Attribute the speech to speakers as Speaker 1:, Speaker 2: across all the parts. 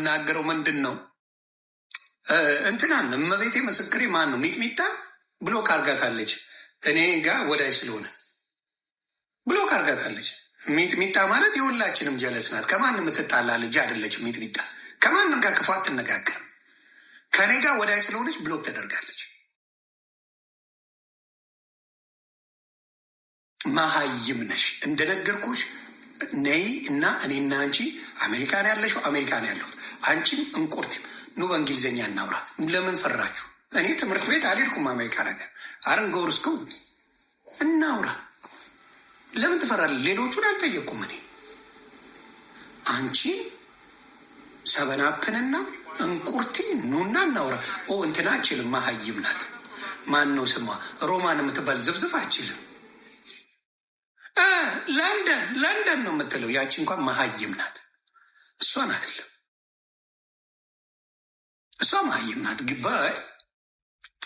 Speaker 1: የምናገረው ምንድን ነው? እንትናን እመቤቴ ምስክሬ ማን ነው ሚጥሚጣ ብሎክ አርጋታለች። እኔ ጋር ወዳጅ ስለሆነ ብሎክ አርጋታለች። ሚጥሚጣ ማለት የሁላችንም ጀለስ ናት። ከማንም የምትጣላ ልጅ አይደለችም። ሚጥሚጣ ከማንም ጋር ክፉ አትነጋገርም። ከእኔ ጋር ወዳጅ ስለሆነች ብሎክ ተደርጋለች። መሀይም ነሽ እንደነገርኩሽ ነይ እና እኔና አንቺ አሜሪካን ያለሽው አሜሪካን ያለሁት አንቺም እንቁርት ኑ በእንግሊዝኛ እናውራ። ለምን ፈራችሁ? እኔ ትምህርት ቤት አልሄድኩም። አሜሪካ ነገር አረንገውር እስከው እናውራ። ለምን ትፈራለህ? ሌሎቹን አልጠየቁም። እኔ አንቺ ሰበናፕንና እንቁርቲ ኑና እናውራ። ኦ እንትና አችልም ማሀይም ናት። ማን ነው ስሟ? ሮማን የምትባል ዝብዝፍ አችልም። ለንደን ለንደን ነው የምትለው። ያቺ እንኳን መሀይም ናት። እሷን አይደለም እሷም መሀይም ናት።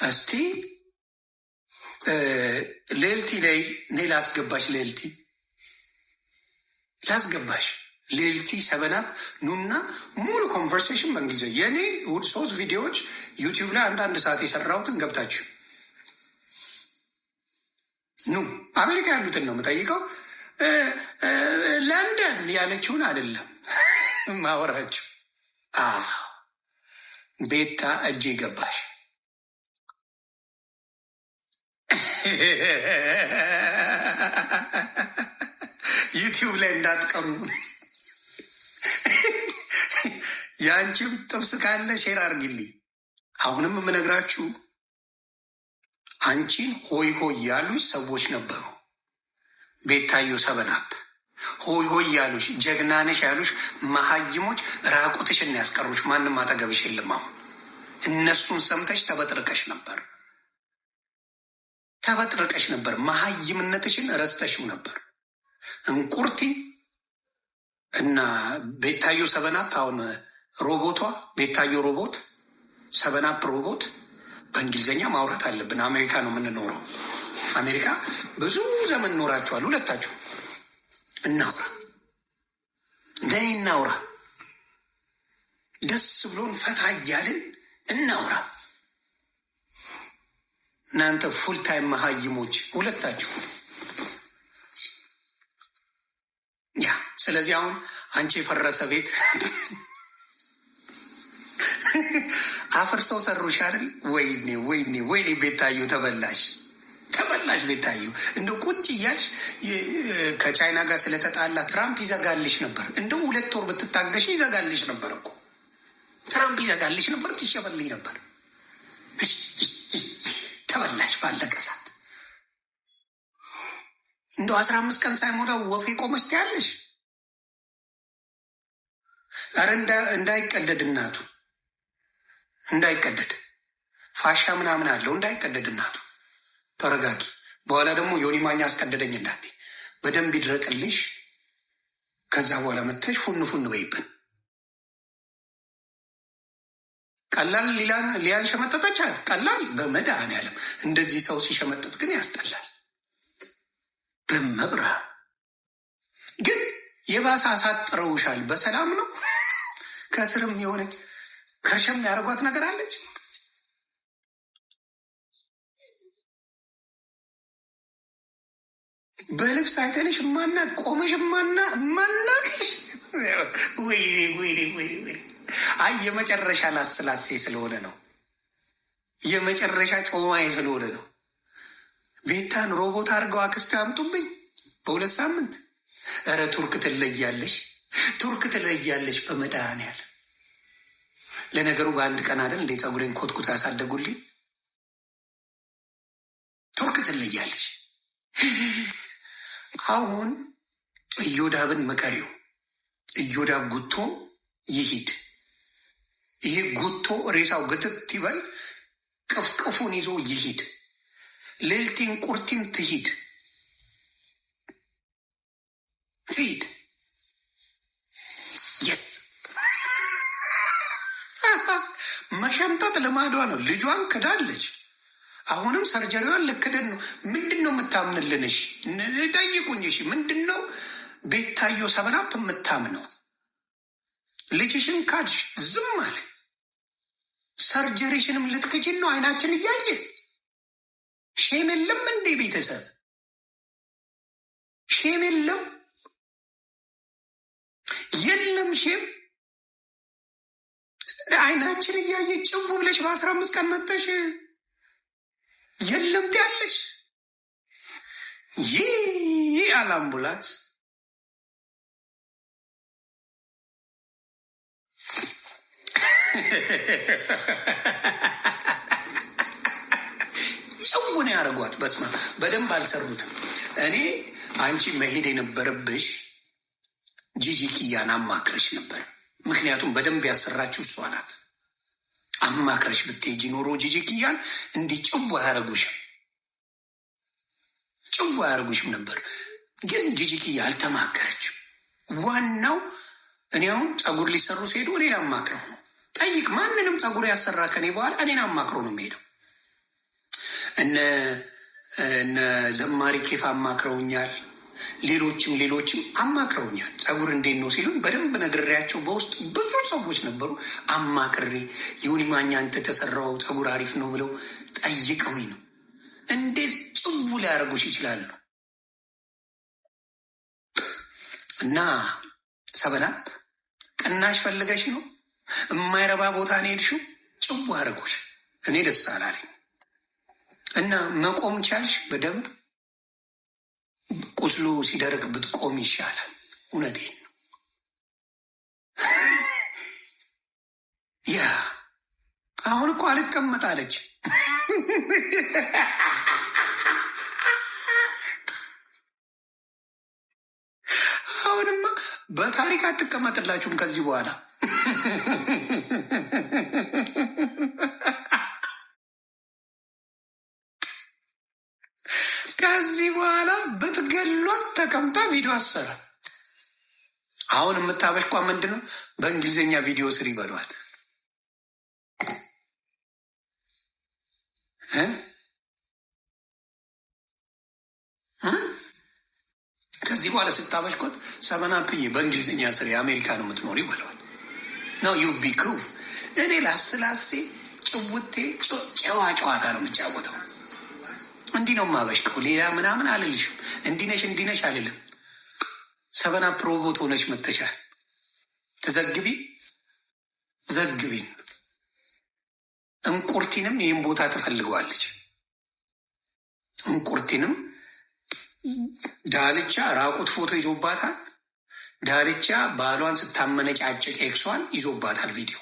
Speaker 1: እስቲ ሌልቲ ላይ እኔ ላስገባሽ፣ ሌልቲ ላስገባሽ፣ ሌልቲ ሰበናት ኑና ሙሉ ኮንቨርሴሽን በእንግሊዘ የኔ ሶስት ቪዲዮዎች ዩቲዩብ ላይ አንዳንድ ሰዓት የሰራሁትን ገብታችሁ ኑ። አሜሪካ ያሉትን ነው የምጠይቀው፣ ለንደን ያለችውን አይደለም ማወራችሁ። ቤታ እጅ ገባሽ። ዩቲዩብ ላይ እንዳትቀሩ። የአንቺም ጥብስ ካለ ሼር አድርጊልኝ። አሁንም የምነግራችሁ አንቺን ሆይ ሆይ ያሉ ሰዎች ነበሩ። ቤታዮ ሰበናብ ሆይ ሆይ ያሉሽ ጀግናነሽ ያሉሽ መሀይሞች ራቁትሽን ያስቀሩች ማንም አጠገብሽ የለም። አሁን እነሱን ሰምተሽ ተበጥርቀሽ ነበር፣ ተበጥርቀሽ ነበር። መሀይምነትሽን ረስተሽው ነበር። እንቁርቲ እና ቤታዮ ሰበናፕ አሁን ሮቦቷ ቤታዮ ሮቦት ሰበናፕ ሮቦት በእንግሊዝኛ ማውራት አለብን። አሜሪካ ነው የምንኖረው። አሜሪካ ብዙ ዘመን ኖራችኋል ሁለታችሁ። እናውራ፣ እንደኔ እናውራ፣ ደስ ብሎን ፈታ እያልን እናውራ። እናንተ ፉል ታይም መሀይሞች ሁለታችሁ ያ። ስለዚህ አሁን አንቺ የፈረሰ ቤት አፍርሰው ሰሩሽ አይደል? ወይኔ ወይኔ ወይኔ፣ ቤታዩ ተበላሽ። በጭራሽ ቤታዩ እንደ ቁጭ እያልሽ ከቻይና ጋር ስለተጣላ ትራምፕ ይዘጋልሽ ነበር። እንደው ሁለት ወር ብትታገሽ ይዘጋልሽ ነበር እኮ ትራምፕ ይዘጋልሽ ነበር፣ ትሸበልኝ ነበር። ተበላሽ ባለቀ ሰዓት እንደው አስራ አምስት ቀን ሳይሞላ ወፌ ቆመች ትያለሽ። ኧረ እንዳይቀደድ እናቱ እንዳይቀደድ ፋሻ ምናምን አለው እንዳይቀደድ እናቱ ተረጋጊ። በኋላ ደግሞ ዮኒ ማኛ አስቀደደኝ እንዳት በደንብ ይድረቅልሽ። ከዛ በኋላ መተሽ ፉን ፉን በይብን። ቀላል ሊያን ሸመጠጠቻት። ቀላል በመድኃኒዓለም እንደዚህ ሰው ሲሸመጠጥ ግን ያስጠላል። በመብራ ግን የባሰ አሳጥረውሻል። በሰላም ነው ከስርም የሆነች ከርሸም ያደርጓት ነገር አለች። በልብስ አይተንሽ ማና ቆመሽ ማና ማናቅሽ ወይ ወይ ወይ አይ የመጨረሻ ላስላሴ ስለሆነ ነው። የመጨረሻ ጮማዬ ስለሆነ ነው። ቤታን ሮቦት አድርገው አክስቶ ያምጡብኝ በሁለት ሳምንት። እረ ቱርክ ትለያለሽ፣ ቱርክ ትለያለሽ በመድኃኔዓለም። ለነገሩ በአንድ ቀን አይደል እንዴ ፀጉሬን ኮትኩት ያሳደጉልኝ። አሁን ኢዮዳብን ምከሪው። ኢዮዳብ ጉቶ ይሂድ። ይሄ ጉቶ ሬሳው ግጥት ይበል፣ ቅፍቅፉን ይዞ ይሂድ። ሌልቲን ቁርቲም ትሂድ ትሂድ። የስ መሸምጠጥ ልማዷ ነው። ልጇን ክዳለች። አሁንም ሰርጀሪዋን ልክድን ነው። ምንድን ነው የምታምንልንሽ? ጠይቁኝ። እሺ ምንድን ነው ቤታዮ ሰበናፕ የምታምነው? ልጅሽን ካድሽ ዝም አለ። ሰርጀሪሽንም ልትክጅን ነው። አይናችን እያየ ሼም የለም እንዴ? ቤተሰብ ሼም የለም የለም ሼም አይናችን እያየ ጭቡ ብለሽ በአስራ አምስት ቀን መጠሽ? የለም ትያለሽ። ይህ አለ አምቡላንስ ጭውን ያደርጓት። በስማ በደንብ አልሰሩትም። እኔ አንቺ መሄድ የነበረብሽ ጂጂ ኪያን አማክረሽ ነበር። ምክንያቱም በደንብ ያሰራችው እሷ ናት። አማክረሽ ብትሄጂ ኖሮ ጅጅ ክያን እንዲህ ጭቡ አያረጉሽም፣ ጭቡ አያረጉሽም ነበር። ግን ጅጅ ክያ አልተማከረችም። ዋናው እኔ አሁን ጸጉር ሊሰሩ ሲሄዱ እኔን አማክረው ነው ጠይቅ። ማንንም ጸጉር ያሰራ ከኔ በኋላ እኔን አማክሮ ነው የሚሄደው። እነ ዘማሪ ኬፍ አማክረውኛል። ሌሎችም ሌሎችም አማክረውኛል። ጸጉር እንዴት ነው ሲሉን በደንብ ነግሬያቸው በውስጥ ብዙ ሰዎች ነበሩ አማክሬ ይሁን ማኛ አንተ ተሰራው ጸጉር አሪፍ ነው ብለው ጠይቀውኝ ነው። እንዴት ጭቡ ሊያደርጉሽ ይችላሉ? እና ሰበናብ ቅናሽ ፈልገሽ ነው የማይረባ ቦታ ነው ሄድሽው። ጭቡ አደረጉሽ። እኔ ደስ አላለኝ እና መቆም ቻልሽ በደንብ ቁስሉ ሲደርቅ ብትቆም ይሻላል። እውነቴን ነው። ያ አሁን እኮ አልቀመጣለች። አሁንማ በታሪክ አትቀመጥላችሁም ከዚህ በኋላ ከዚህ በኋላ ብትገሏት ተቀምጣ ቪዲዮ አሰራ። አሁን የምታበሽኳ ምንድን ነው? በእንግሊዝኛ ቪዲዮ ስር በሏት። ከዚህ በኋላ ሰመና ሰመናፕዬ በእንግሊዝኛ ስር የአሜሪካ ነው የምትኖሪ በሏት። ነው ዩ እኔ ላስላሴ ጭውቴ ጨዋ ጨዋታ ነው የምጫወተው። እንዲህ ነው የማበሽቀው። ሌላ ምናምን አልልሽም። እንዲነሽ እንዲነሽ አልልም። ሰበና ፕሮቦት ሆነች መተሻል ዘግቢ ዘግቢን እንቁርቲንም ይህን ቦታ ትፈልገዋለች። እንቁርቲንም ዳልቻ ራቁት ፎቶ ይዞባታል። ዳልቻ ባሏን ስታመነጫጭቅ ኤክሷን ይዞባታል ቪዲዮ